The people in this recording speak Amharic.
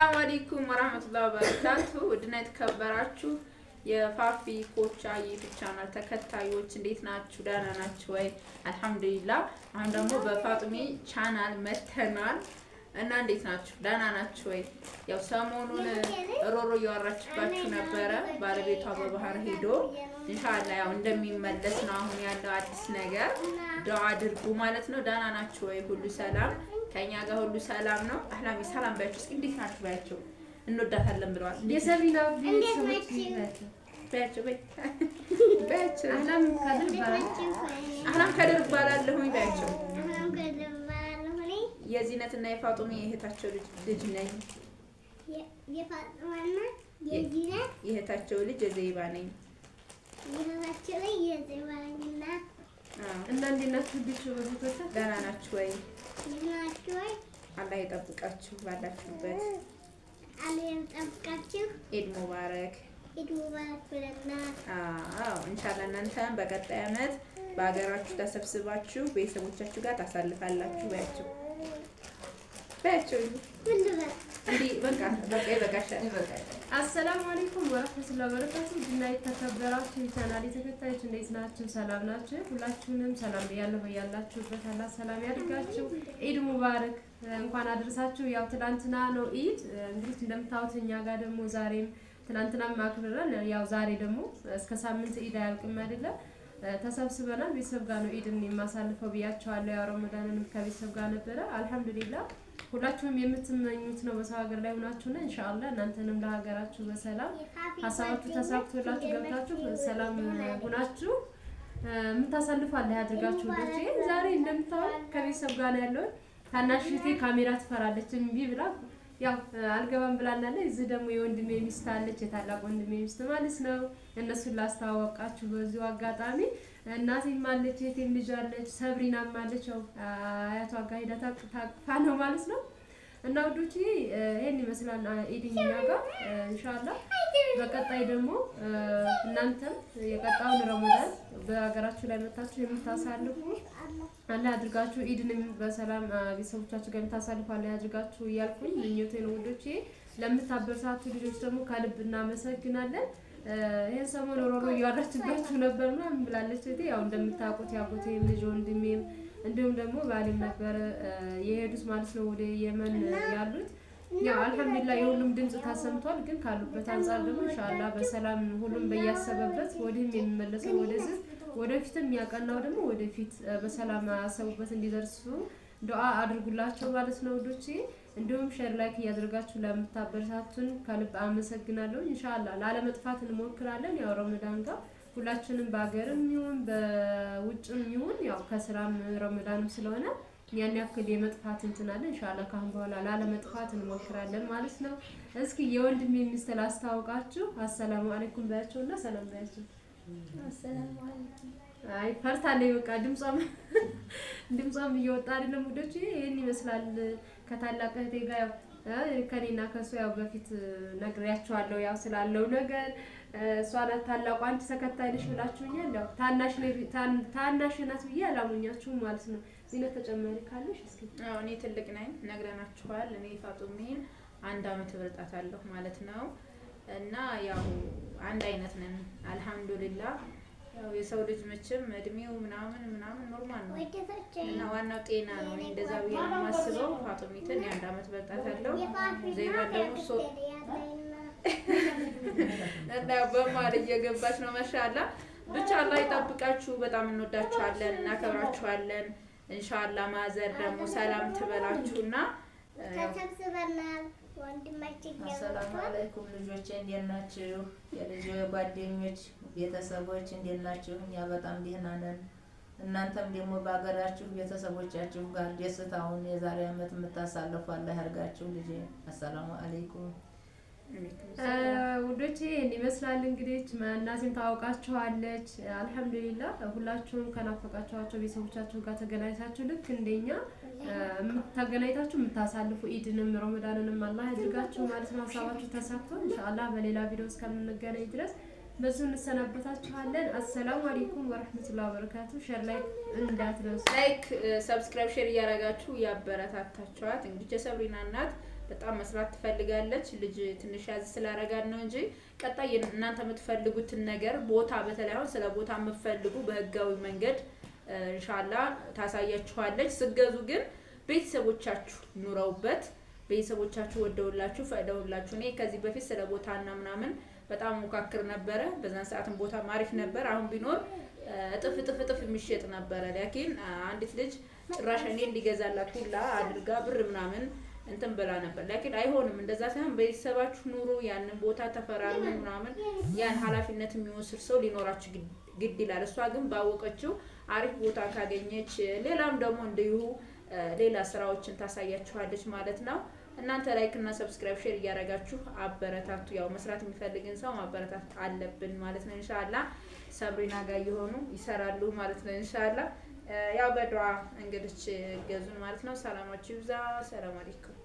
ሰላም አለይኩም ወራህመቱላሂ ወበረካቱ። ውድና የተከበራችሁ የፋፊ ኮቻ ዩቲዩብ ቻናል ተከታዮች እንዴት ናችሁ? ደህና ናችሁ ወይ? አልሐምዱሊላህ። አሁን ደግሞ በፋጡሜ ቻናል መተናል። እና እንዴት ናችሁ? ደህና ናችሁ ወይ? ያው ሰሞኑን ሮሮ እያወራችባችሁ ነበረ። ባለቤቷ በባህር ሄዶ ኢንሻአላህ ያው እንደሚመለስ ነው አሁን ያለው አዲስ ነገር። ዱአ አድርጉ ማለት ነው። ደህና ናችሁ ወይ? ሁሉ ሰላም ከኛ ጋር ሁሉ ሰላም ነው። አህላሚ ሰላም ባያችሁ፣ እስኪ እንዴት ናችሁ ባያችሁ። እንወዳታለን ብለዋል። የሰሚና እንዴት ናችሁ ባያችሁ ባያችሁ። አህላም ከድር ባላለሁኝ ባያችሁ እና የፋጡም የእህታቸው ልጅ ነኝ። የፋጡማና የዚነት የእህታቸው ልጅ የዘይባ ነኝ። የእህታቸው ልጅ የዘይባ ነኝና እና እንዴት ናችሁ? ደህና ናችሁ ወይ? አላህ ይጠብቃችሁ ባላችሁበት። አላህ ይጠብቃችሁ። ኢድ ሙባረክ። ኢድ ሙባረክ ብለናል። አዎ ኢንሻአላህ እናንተም በቀጣይ አመት በሀገራችሁ ተሰብስባችሁ ቤተሰቦቻችሁ ጋር ታሳልፋላችሁ። ባያችሁ ታያቸው እንዲህ በቃ በቃ ይበቃሻል። አሰላሙ አለይኩም ወራህመቱላሂ ወበረካቱ። ድና የተከበራችሁ ቻናል ተከታዮች እንዴት ናችሁ? ሰላም ናችሁ? ሁላችሁንም ሰላም ያለሁ ያላችሁበት አላህ ሰላም ያድርጋችሁ። ኢድ ሙባረክ እንኳን አደረሳችሁ። ያው ትላንትና ነው ኢድ እንግዲህ እንደምታዩት እኛ ጋር ደግሞ ዛሬም ትላንትናም አክብረን ያው ዛሬ ደግሞ እስከ ሳምንት ኢድ አያልቅም አይደለም ተሰብስበናል። ቤተሰብ ጋር ነው ኢድን የማሳልፈው ብያቸዋለሁ። ያው ረመዳንንም ከቤተሰብ ጋር ነበረ አልሐምዱሊላህ ሁላችሁም የምትመኙት ነው በሰው ሀገር ላይ ሆናችሁና ኢንሻአላህ። እናንተንም ለሀገራችሁ በሰላም ሀሳባችሁ ተሳክቶላችሁ ገብታችሁ ሰላም ሆናችሁ የምታሳልፉ ያድርጋችሁ። ልጅ ዛሬ እንደምታወቅ ከቤተሰብ ጋር ነው ያለው። ታናሽቴ ካሜራ ትፈራለች እምቢ ብላ ያው አልገባም ብላናለ። እዚህ ደግሞ የወንድሜ ሚስት አለች፣ የታላቅ ወንድሜ ሚስት ማለት ነው። እነሱን ላስተዋወቃችሁ በዚሁ አጋጣሚ እናቴም አለች፣ የቴም ልጅ አለች፣ ሰብሪናም አለች። ያው አያቷ ጋር ሄዳ ታቅፋ ነው ማለት ነው። እና ውዶች ይሄን ይመስላል ኤዲንግ ጋር ኢንሻአላህ። በቀጣይ ደግሞ እናንተም የቀጣውን ረመዳን በሀገራችሁ ላይ መታችሁ የምታሳልፉ አላህ አድርጋችሁ ኢድንም በሰላም ቤተሰቦቻችሁ ጋር የምታሳልፉ አላህ ያድርጋችሁ እያልኩኝ ምኞቴ ነው ውዶች። ለምታበረታቱ ልጆች ደግሞ ከልብ እናመሰግናለን። ይህን ሰሞን ሮሮ እያወራችባችሁ ነበር ምናምን ብላለች። እህቴ ያው እንደምታውቁት ያጎቴም ልጅ ወንድሜም እንዲሁም ደግሞ ባሌም ነበር የሄዱት ማለት ነው ወደ የመን ያሉት። ያው አልሐምዱሊላ የሁሉም ድምፅ ታሰምቷል። ግን ካሉበት አንጻር ደግሞ እንሻላ በሰላም ሁሉም በያሰበበት ወዲህም የሚመለሰው ወደዚህ ወደፊትም ያቀናው ደግሞ ወደፊት በሰላም አሰቡበት እንዲደርሱ ዱአ አድርጉላቸው ማለት ነው ውዶቼ። እንዲሁም ሸር ላይክ እያደረጋችሁ ለምታበረታቱን ከልብ አመሰግናለሁ። ኢንሻአላህ ላለመጥፋት እንሞክራለን። ያው ረመዳን ጋር ሁላችንም በሀገርም ይሁን በውጭም ይሁን ያው ከስራም ረመዳንም ስለሆነ ያን ያክል የመጥፋት እንትናለን። ኢንሻአላህ ካሁን በኋላ ላለመጥፋት እንሞክራለን ማለት ነው። እስኪ የወንድሜ ሚስት ላስታውቃችሁ። አሰላሙ አለይኩም በያቸውና ሰላም በያቸው። አሰላሙ አለይኩም አይ ፈርታለሁ። በቃ ድምጿም ድምጿም እየወጣ አይደለም። ውዶች ይሄን ይመስላል። ከታላቅ እህቴ ጋር ያው ከኔና ከሱ ያው በፊት ነግሬያቸዋለሁ። ያው ስላለው ነገር እሷ ናት ታላቁ፣ አንቺ ተከታይ ነሽ ብላችሁኛል። ያው ታናሽ ታናሽ ናት ብዬ አላሙኛችሁም ማለት ነው። ዚነት ተጨማሪ ካለሽ እስኪ። አዎ እኔ ትልቅ ነኝ ነግረናችኋል። እኔ ፋጡሜን አንድ አመት እበልጣታለሁ ማለት ነው። እና ያው አንድ አይነት ነን አልሐምዱሊላህ ያው የሰው ልጅ መቼም እድሜው ምናምን ምናምን ኖርማል ነው እና ዋናው ጤና ነው። እኔ እንደዛ ብዬ የማስበው። ፋጡሚትን የአንድ አመት በልጣታለሁ። ዘይባ ደግሞ እና በማል እየገባች ነው። ማሻአላ ብቻ አላህ ይጠብቃችሁ። በጣም እንወዳችኋለን፣ እናከብራችኋለን። ኢንሻአላ ማዘር ደግሞ ሰላም ትበላችሁና ተሰብስበናል። አሰላሙ አለይኩም ልጆቼ እንዴት ናችሁ? የልጅ ጓደኞች፣ ቤተሰቦች እንዴት ናችሁ? እኛ በጣም ደህና ነን። እናንተም ደግሞ በሀገራችሁ ቤተሰቦቻችሁ ጋር ደስታውን የዛሬ ዓመት የምታሳልፉ አላህ ያርጋችሁ። ልጄ አሰላሙ አለይኩም ውዶቼ ይህን ይመስላል እንግዲህ እናቴም ታውቃችኋለች። አልሐምዱሊላ ሁላችሁም ከናፈቃችኋቸው ቤተሰቦቻችሁ ጋር ተገናኝታችሁ ልክ እንደኛ ተገናኝታችሁ የምታሳልፉ ኢድንም ረመዳንንም አላህ ያድርጋችሁ ማለት ነው። ሀሳባችሁ ተሳክቶ ኢንሻአላህ በሌላ ቪዲዮ እስከምንገናኝ ድረስ በዙ እንሰናበታችኋለን። አሰላሙ አለይኩም ወረህመቱላሂ በረካቱ። ሸር ላይ እንዳትረሱ፣ ላይክ ሰብስክራይብ፣ ሼር እያረጋችሁ ያበረታታችኋት እንግዲህ የሰብሪና እናት በጣም መስራት ትፈልጋለች። ልጅ ትንሽ ያዝ ስላረጋን ነው እንጂ ቀጣይ እናንተ የምትፈልጉትን ነገር ቦታ፣ በተለይ አሁን ስለ ቦታ የምትፈልጉ በህጋዊ መንገድ እንሻላ ታሳያችኋለች። ስገዙ ግን ቤተሰቦቻችሁ ኑረውበት፣ ቤተሰቦቻችሁ ወደውላችሁ ፈቅደውላችሁ። እኔ ከዚህ በፊት ስለ ቦታና ምናምን በጣም ሞካክር ነበረ። በዛን ሰዓትም ቦታ ማሪፍ ነበር። አሁን ቢኖር እጥፍ እጥፍ እጥፍ የሚሸጥ ነበረ። ላኪን አንዲት ልጅ ጭራሽ እኔ እንዲገዛላት ሁላ አድርጋ ብር ምናምን እንትን ብላ ነበር። ላኪን አይሆንም፣ እንደዛ ሳይሆን ቤተሰባችሁ ኑሮ ያንን ቦታ ተፈራርሙ ምናምን ያን ኃላፊነት የሚወስድ ሰው ሊኖራችሁ ግድ ይላል። እሷ ግን ባወቀችው አሪፍ ቦታ ካገኘች ሌላም ደግሞ እንዲሁ ሌላ ስራዎችን ታሳያችኋለች ማለት ነው። እናንተ ላይክ እና ሰብስክራይብ ሼር እያደረጋችሁ አበረታቱ። ያው መስራት የሚፈልግን ሰው ማበረታት አለብን ማለት ነው። እንሻላ ሰብሪና ጋር እየሆኑ ይሰራሉ ማለት ነው። እንሻላ ያው በዱዓ እንግዲህ ገዙን ማለት ነው። ሰላማችሁ ይብዛ። ሰላም አለይኩም